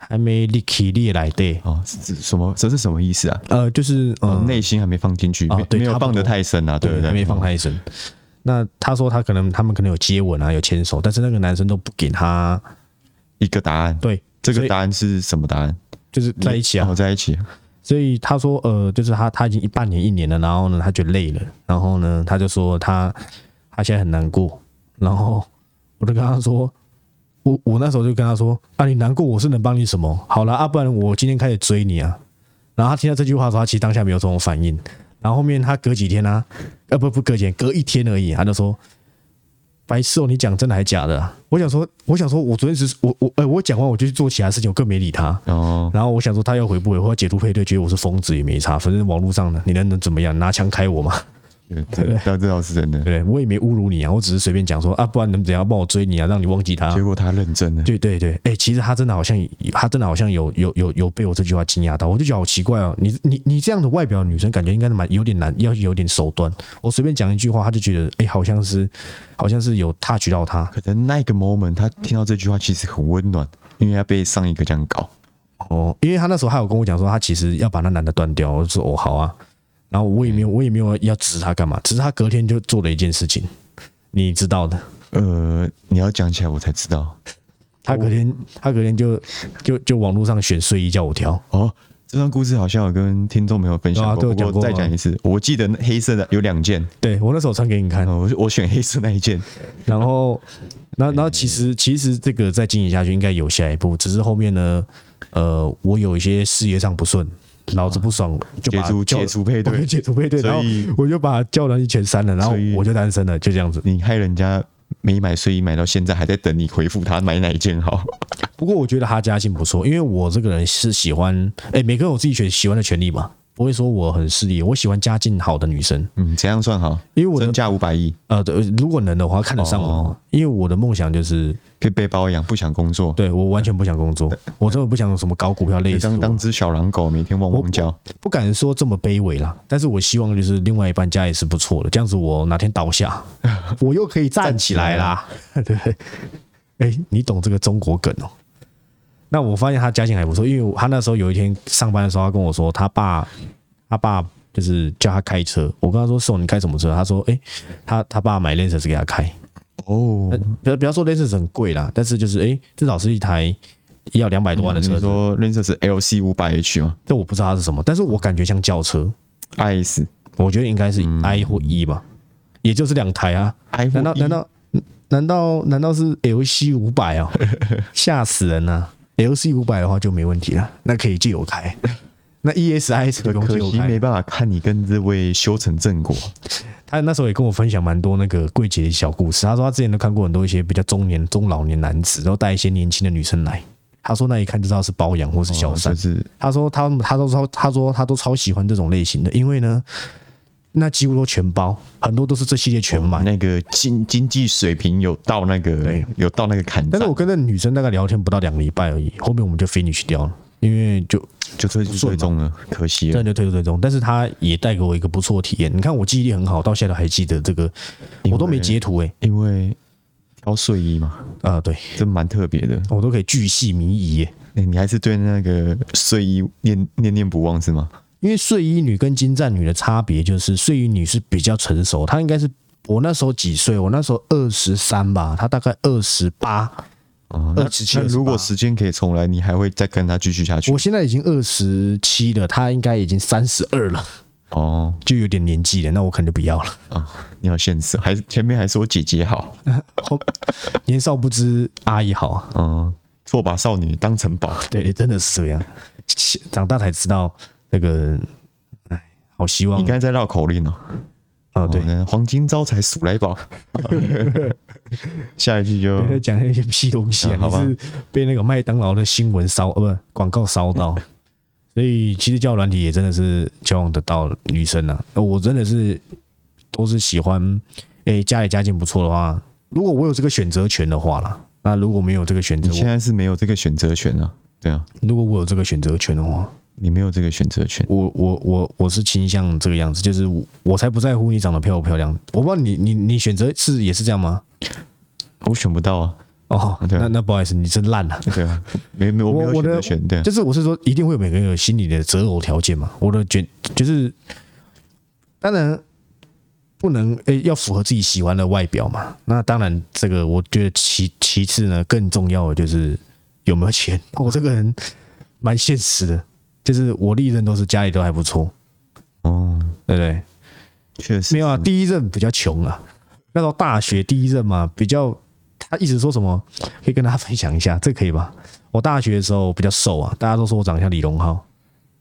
還沒立起立來，對哦，什麼這是什麼意思啊？呃，就是呃，內心還沒放進去，呃沒啊對，沒有放得太深啊。不對對，還沒放太深。嗯，那他說他可能他們可能有接吻啊，有牽手，但是那個男生都不給他一個答案。對，這個答案是什麼答案？就是在一起啊，好在一起，啊。所以他說呃，就是他他已經一半年一年了，然後呢，他覺得累了，然後呢，他就說他他現在很難過，然後我就跟他說。我我那時候就跟他說，啊，你難過，我是能幫你什麼？好了，啊，不然我今天開始追你啊。然後他聽到這句話的時候，他其實當下沒有這種反應。然後後面他隔幾天呢、啊，啊不不隔幾天，隔一天而已，他就說，白癡、喔，你講真的還是假的？啊？我想說，我想說，我昨天只是我我，哎、欸，我講完我就去做其他事情，我更沒理他。哦，然後我想說，他要回不回？或者解讀配對，覺得我是瘋子也沒差，反正網絡上呢，你能能怎麼樣？拿槍開我嗎？對，對，他知道是真的。對，我也沒侮辱你啊，我只是隨便講說啊，不然你們怎樣幫我追你啊，讓你忘記他、啊。結果他認真的。對對對，誒、欸，其實他真的好像，他真的好像有有有有被我這句話驚訝到。我就覺得好奇怪哦，你你你這樣的外表的女生，感覺應該是蠻有點難，要有點手段。我隨便講一句話，他就覺得誒、欸，好像是好像是有 touch 到他。可能那個 moment，他聽到這句話其實很溫暖，因為他被上一個這樣搞。哦，因為他那時候還有跟我講說，他其實要把那男的斷掉。我就說哦，好啊。然後我也沒有，我也沒有要指他幹嘛，只是他隔天就做了一件事情，你知道的。呃，你要講起來我才知道，他隔天他隔天就就就網絡上選睡衣叫我挑。哦，這段故事好像有跟聽眾朋友分享過，對啊，對我講過啊、不過再講一次，我記得那黑色的有兩件，對我那時候穿給你看哦，我我選黑色那一件。然後，那那其實、嗯、其實這個再經營下去應該有下一步，只是後面呢，呃，我有一些事業上不順。老子不爽，就把他解除解除配對，解除配對，配對。然後我就把交友軟體全刪了，然後我就單身了，就這樣子。你害人家沒買睡衣，買到現在還在等你回復他買哪一件好。不過我覺得他家境不錯，因為我這個人是喜歡，哎、欸，每個人有自己選喜歡的權利嘛。不會說我很勢利，我喜歡家境好的女生。嗯，怎樣算好？因為我身家五百億。呃對，如果能的話，看得上我、哦。因為我的夢想就是可以被包養，不想工作。對我完全不想工作，我真的不想有什麼搞股票類型。當當只小狼狗，每天汪汪叫我不。不敢說這麼卑微啦，但是我希望就是另外一半家也是不錯的，這樣子我哪天倒下，我又可以站起來啦。 來 對，哎，你懂這個中國梗哦。那我發現他家境還不錯，因為他那時候有一天上班的時候，他跟我說他爸，他爸就是叫他開車。我跟他說：“宋，你開什麼車？”他說：“哎、欸，他他爸買雷神 s 給他開。”哦，欸、比比方說雷神 s 很貴啦，但是就是哎、欸，至少是一台要兩百多萬的車、嗯。你說雷神是 L C 五百 H 嗎？這我不知道它是什麼，但是我感覺像轎車。I S，我覺得應該是 I 或 E 吧，嗯、也就是兩台啊。I e? 難道難道難道難道是 L C 五百哦？嚇 死人吶、啊！L C 五百的話就沒問題了，嗯、那可以借我開。那 E S I S 的我可惜沒辦法看你跟這位修成正果。他那時候也跟我分享蠻多那個櫃姐的小故事。他說他之前都看過很多一些比較中年、中老年男子，然後帶一些年輕的女生來。他說那一看就知道是包養或是小三、嗯，就是。他說他他都超他說他都超喜歡這種類型的，因為呢。那幾乎都全包，很多都是這系列全買。哦，那個經經濟水平有到那個，對有到那個坎。但是我跟那個女生大概聊天不到兩禮拜而已，後面我們就 finish 掉了，因為就就退出最終了，可惜了。這就退出最終，但是他也帶給我一個不錯的體驗。你看我記憶力很好，到現在都還記得這個，我都沒截圖誒、欸，因為挑睡衣嘛。啊，對，真蠻特別的，我都可以巨細靡遺、欸。那、欸、你還是對那個睡衣念念念不忘是嗎？因為睡衣女跟金贊女的差別就是，睡衣女是比較成熟，她應該是我那時候幾歲？我那時候二十三吧，她大概二十八，二十七。那二十七，如果時間可以重來，你還會再跟她繼續下去？我現在已經二十七了，她應該已經三十二了。哦、嗯，就有點年紀了，那我可能就不要了啊、嗯。你好現實，還是前面還是我姐姐好、嗯，年少不知阿姨好、啊，嗯，錯把少女當成寶，對，你真的是這樣，長大才知道。這個，哎，好希望你剛才在繞口令哦，啊、哦，對，黃金招財鼠來寶， 下一句就講那些屁東西啊！你、啊、是被那個麥當勞的新聞燒，呃、啊，不，廣告燒到， 所以其實交軟體也真的是希望得到女生呢、啊。我真的是都是喜歡，哎、欸，家裡家境不錯的話，如果我有這個選擇權的話啦，那如果沒有這個選擇，我現在是沒有這個選擇權了、啊，對啊，如果我有這個選擇權的話。你沒有這個選擇權。我我我我是傾向這個樣子，就是我，我才不在乎你長得漂不漂亮。我不知道你你你選擇是也是這樣嗎？我選不到啊。哦，啊啊、那那不好意思，你真爛了、啊。對啊，沒沒有我，我沒有選擇權我的對、啊我。就是我是說，一定會有每個人有心理的擇偶條件嘛。我的覺就是，當然不能誒、欸，要符合自己喜歡的外表嘛。那當然，這個我覺得其其次呢，更重要的就是有沒有錢。我、哦、這個人蠻現實的。就是我歷任都是家裡都還不錯，哦，對不對？確實沒有啊，第一任比較窮啊。那時候大學第一任嘛，比較他一直說什麼，可以跟大家分享一下，這可以吧？我大學的時候比較瘦啊，大家都說我長得像李榮浩。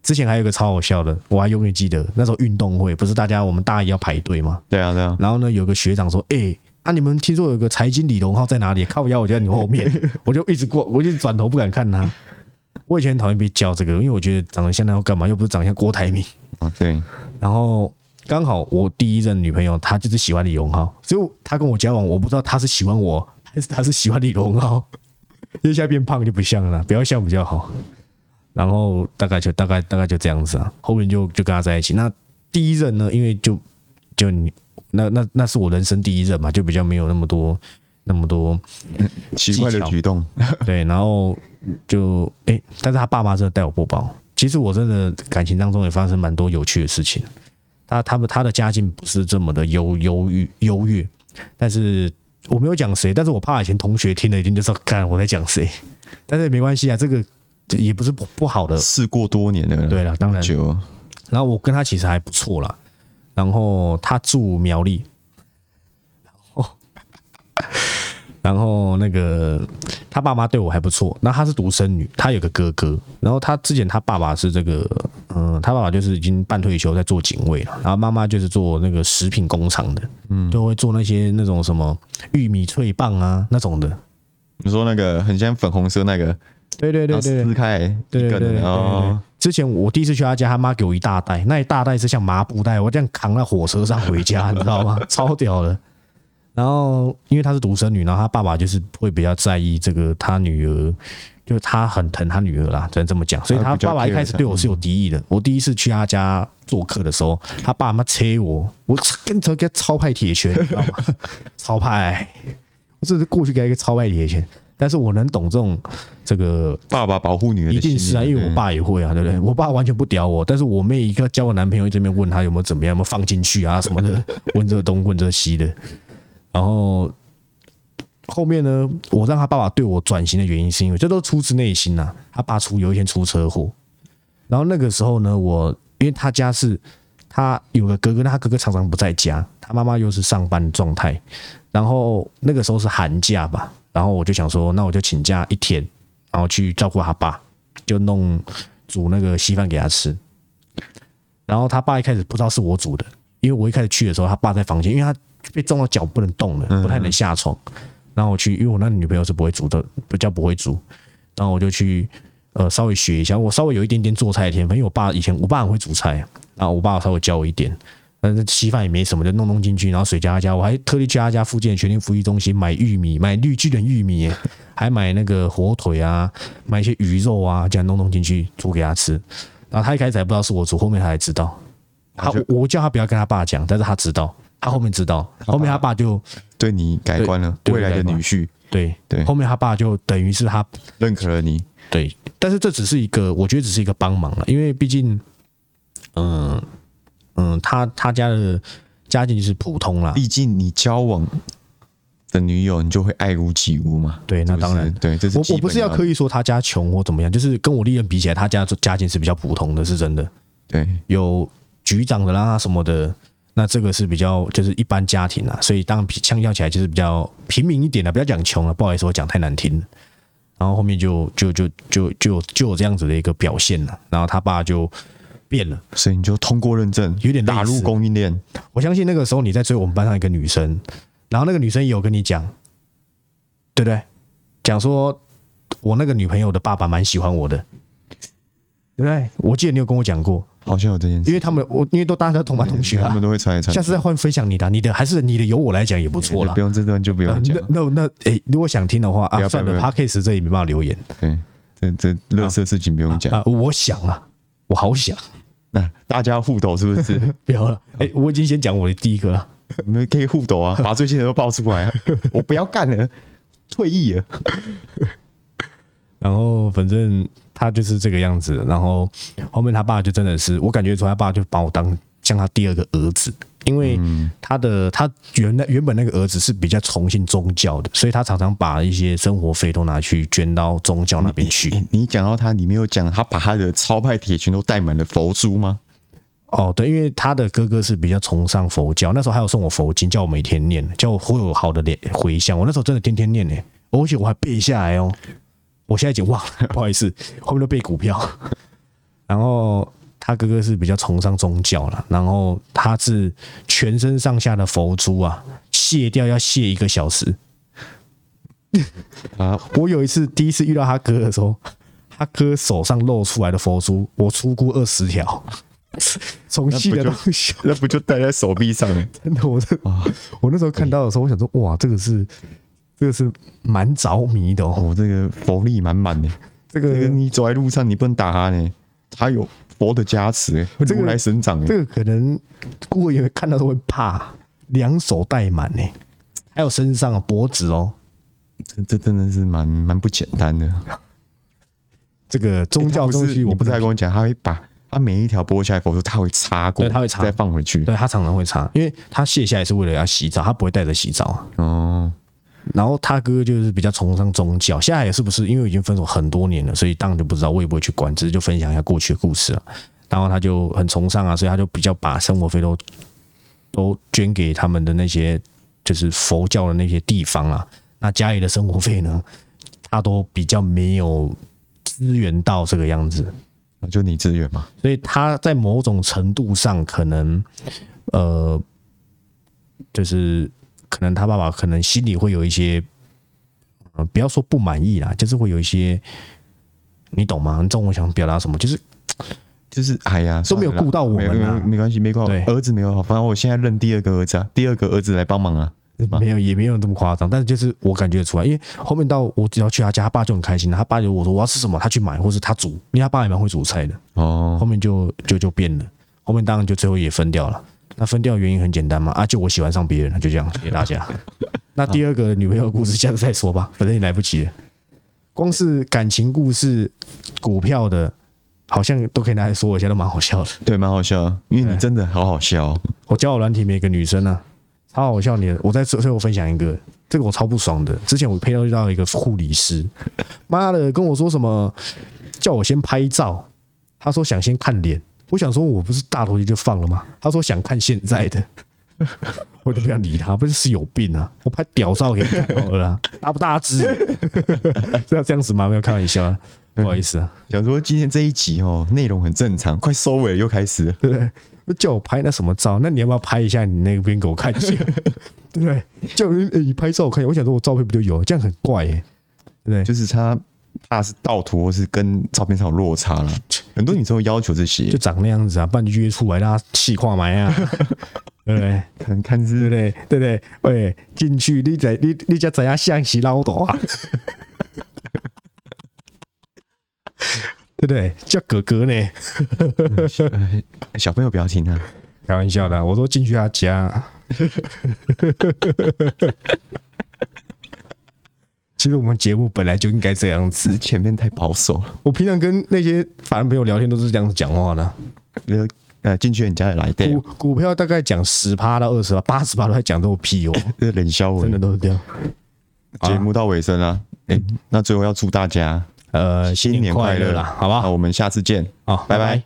之前還有一個超好笑的，我還永遠記得，那時候運動會不是大家我們大一要排隊嗎？對啊，對啊。然後呢，有個學長說：“哎，那、啊、你們聽說有個財經李榮浩在哪裡？靠要我就在你後面， 我就一直過，我就轉頭不敢看他。”我以前很討厭被叫這個，因為我覺得長得像，在要幹嘛？又不是長得像郭台銘。對、okay.。然後剛好我第一任女朋友她就是喜歡李榮浩，所以她跟我交往，我不知道她是喜歡我，還是她是喜歡李榮浩。因為現在變胖就不像了，不要笑比較好。然後大概就大概大概就這樣子啊，後面就就跟她在一起。那第一任呢，因為就就你那那那是我人生第一任嘛，就比較沒有那麼多那麼多奇怪的舉動。對，然後。就誒、欸，但是他爸媽真的待我不薄。其實我真的感情當中也發生蠻多有趣的事情。他他們他的家境不是這麼的優優越優越，但是我沒有講誰，但是我怕以前同學聽了一聽就說、是、看我在講誰，但是沒關係啊，這個也不是不不好的。事過多年了，對了，當然久。然後我跟他其實還不錯啦，然後他住苗栗。然後那個他爸媽對我還不錯，那她是獨生女，她有個哥哥。然後她之前她爸爸是這個，嗯，她爸爸就是已經半退休在做警衛了。然後媽媽就是做那個食品工廠的，嗯，就會做那些那種什麼玉米脆棒啊那種的。你說那個很像粉紅色那個？對對對對，對。撕開對對對，對，對，對，對，對，對對對。哦。之前我第一次去她家，他媽給我一大袋，那一大袋是像麻布袋，我這樣扛在火車上回家，你知道嗎？ 超屌的。然後，因為她是獨生女，然後她爸爸就是會比較在意這個她女兒，就是她很疼她女兒啦，只能這麼講。所以她爸爸一開始對我是有敵意的。我第一次去她家做客的時候，她爸媽催我，我跟着個超派鐵拳，你知道嗎？超派，我就是過去給她一個超派鐵拳。但是我能懂這種這個爸爸保護女兒，一定是啊，因為我爸也會啊，對不對？我爸完全不屌我，但是我妹一個交個男朋友這邊問他有沒有怎麼樣，有沒有放進去啊什麼的，問這東問這西的。然後後面呢，我讓他爸爸對我轉型的原因，是因為這都出自內心吶、啊。他爸出有一天出車禍，然後那個時候呢，我因為他家是他有個哥哥，那他哥哥常常不在家，他媽媽又是上班狀態，然後那個時候是寒假吧，然後我就想說，那我就請假一天，然後去照顧他爸，就弄煮那個稀飯給他吃。然後他爸一開始不知道是我煮的，因為我一開始去的時候，他爸在房間，因為他。被撞到腳不能動了，不太能下床嗯嗯。然後我去，因為我那女朋友是不會煮的，比較不會煮。然後我就去，呃，稍微學一下。我稍微有一點點做菜的天賦，因為我爸以前我爸很會煮菜，然後我爸稍微教我一點。但是稀飯也沒什麼，就弄弄進去，然後水加加。我還特地去他家附近的全聯福利中心買玉米，買綠巨人玉米、欸，還買那個火腿啊，買一些魚肉啊，這樣弄弄進去煮給他吃。然後他一開始還不知道是我煮，後面他才知道。他我叫他不要跟他爸講，但是他知道。他後面知道，後面他爸就、啊、對你改觀了，未來的女婿。對對，對，對，後面他爸就等於是他認可了你，對，但是這只是一個，我覺得只是一個幫忙了，因為畢竟，嗯嗯，他他家的家境就是普通啦，畢竟你交往的女友，你就會愛屋及烏嘛，對，那當然，是是對，這是我我不是要刻意說他家窮或怎麼樣，就是跟我利潤比起來，他家家境是比較普通的，是真的，對，有局長的啦什麼的。那這個是比較就是一般家庭啊，所以當然比，相較起來就是比較平民一點的啊，不要講窮了，不好意思，我講太難聽了。然後後面就就就就就就有這樣子的一個表現了啊。然後他爸就變了，所以你就通過認證，有點打入供應鏈。我相信那個時候你在追我們班上一個女生，然後那個女生也有跟你講，對不對？講說我那個女朋友的爸爸蠻喜歡我的，對不對？我記得你有跟我講過。好像有這件事，因為他們我因為都大家同班同學、啊、他們都會猜一猜。下次再換分享你的，你的還是你的由我來講也不錯啦，不用這段就不用講、呃。那那、那、欸、如果想聽的話啊、啊，算了，哈，Podcast 這裡沒辦法留言。對，這這樂色事情不用講啊、啊、啊。我想啊，我好想，那大家互抖是不是？ 不要了、欸，我已經先講我的第一個了， 你們可以互抖啊，把最近的都爆出來啊。 我不要幹了，退役了。 然後反正他就是這個樣子，然後後面他爸就真的是，我感覺說他爸就把我當像他第二個兒子，因為他的、嗯、他原原本那個兒子是比較崇信宗教的，所以他常常把一些生活費都拿去捐到宗教那邊去。你，你講到他你沒有講他把他的超派鐵拳都帶滿了佛珠嗎？哦，對，因為他的哥哥是比較崇尚佛教，那時候還有送我佛經，叫我每天念，叫我會有好的回向。我那時候真的天天念呢、欸哦，而且我還背下來哦。我現在已經忘了，不好意思，後面都背股票。然後他哥哥是比較崇尚宗教了，然後他是全身上下的佛珠啊，卸掉要卸一個小時。啊！我有一次 第一次遇到他哥的時候，他哥手上露出來的佛珠，我初估二十條，從細的到小，那不就戴 在手臂上了。真的，我的啊！我那時候看到的時候，我想說，哇，這個是。這個是蠻着迷的哦，哦，這個佛力滿滿的、這個。這個你走在路上你不能打他呢，他有佛的加持、欸，會、這、哎、個，未來生長、欸。這個可能顧客也會看到都會怕，兩手帶滿呢，還有身上的脖子哦，這，這真的是蠻蠻不簡單的。 這個宗教東西、欸、我不太跟你講，他會把他每一條剝下來，否則他會擦過，他會擦再放回去，對他常常會擦，因為他卸下來是為了要洗澡，他不會帶着洗澡啊。哦。然後他哥就是比較崇尚宗教，現在也是不是因為已經分手很多年了，所以當然就不知道會不會去管，只是就分享一下過去的故事啊。然後他就很崇尚啊，所以他就比較把生活費都都捐給他們的那些就是佛教的那些地方了。那家裡的生活費呢，他都比較沒有支援到這個樣子。就你支援嘛。所以他在某種程度上可能呃就是。可能他爸爸可能心裡會有一些，呃、不要說不滿意啦，就是會有一些，你懂嗎？你懂我想表達什麼？就是就是，哎呀，都沒有顧到我們，沒關係，沒關係，兒子沒有好，反正我現在認第二個兒子啊，第二個兒子來幫忙啊，沒有也沒有那麼誇張，但是就是我感覺得出來，因為後面到我只要去他家，他爸就很開心，他爸就我說我要吃什麼，他去買，或是他煮，因為他爸也蠻會煮菜的哦。後面就就就變了，後面當然就最後也分掉了。那分掉原因很簡單嘛？啊，就我喜歡上別人，就這樣給大家。那第二個女朋友故事，下次再說吧。反正也來不及了。光是感情故事、股票的，好像都可以拿來說一下，都蠻好笑的。對，蠻好笑，因為你真的好好笑。我交友軟體每一個女生呢、啊，超好笑你。我在最後分享一個，這個我超不爽的。之前我配到遇到一個護理師，媽的跟我說什麼，叫我先拍照，他說想先看臉。我想說，我不是大頭貼就放了嗎？他說想看現在的， 我都不想理他，不是是有病啊？ 我拍屌照給你看好了、啊，大不大隻？ 要這樣子嗎？沒有開玩笑，啊。不好意思啊。想說今天這一集哦，內容很正常，快收尾了又開始，對不對，對？叫我拍那什麼照？那你要不要拍一下你那邊給我看一下， 對不對，對？叫你拍照我看一下，我想說我照片不就有？這樣很怪、欸，耶？對？就是他。他是盜圖，或是跟照片上有落差了。很多女生會要求這些，就長那樣子啊，不然約出來大家氣化埋啊，對 不對？看看是嘞， 對不對，對？喂，進去你在你你叫怎樣，誰是老大啊？ 對不對，對？叫哥哥呢？ 小朋友不要聽啊，開玩笑的。我說進去他、啊、家。 其實我們節目本來就應該這樣子，前面太保守了。我平常跟那些法人朋友聊天都是這樣子講話的，比如說，呃，進去人家裡來。股股票大概講十趴到二十趴，八十趴都還講多屁哦，冷笑，這人笑真的都是這樣、啊。節目到尾聲了、啊，欸、那最後要祝大家，呃，新年快樂啦，好吧，那我們下次見，好，拜拜，拜。